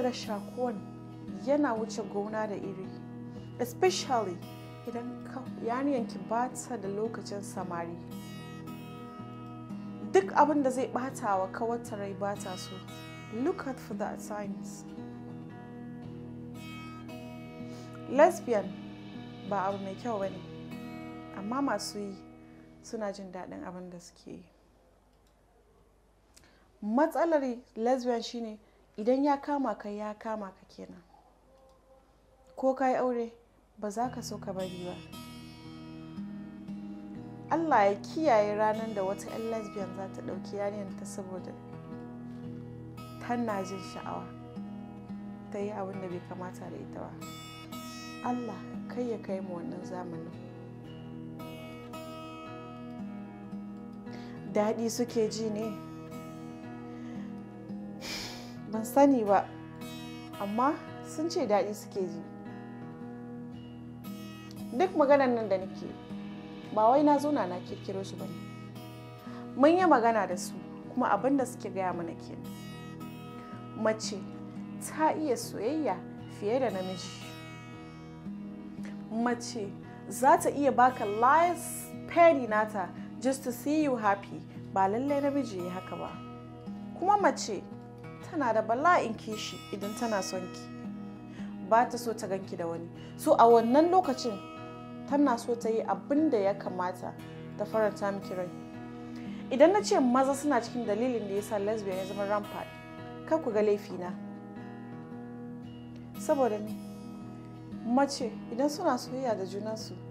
da shakuwan yana wuce gona da iri especially idan yariyanki ba ta da lokacin samari duk abin da zai bata wa kawata rai bata so look out for that signs lesbian ba abu mai kyau ba ne amma masu yi suna jin daɗin abin da suke yi matsalar lesbian shine ne idan ya kama ka ya kama ka kenan ko ka yi aure ba za ka so ka bari ba allah ya kiyaye ranar da wata 'yan lesbian za ta ɗauki yanayin ta saboda tana jin sha'awa ta yi abin da bai kamata da ita ba allah kai ya kai mu wannan zamanin daɗi suke ji ne ban sani ba amma sun ce daɗi suke ji duk maganar nan da nake ba wai na zauna na kirkiro ba ne. mun yi magana da su kuma abin da suke gaya mana ke mace ta iya soyayya fiye da namiji mace za ta iya baka lies peri nata just to see you happy ba lallai namiji ya haka ba kuma mace tana da bala'in kishi idan tana son ki ba ta so ta ganki da wani so a wannan lokacin tana so ta yi abin da ya kamata ta faranta miki rai idan na ce maza suna cikin dalilin da ya sa lesbian ya zama rampart kar ku ga laifina saboda ni mace idan suna soyayya da junansu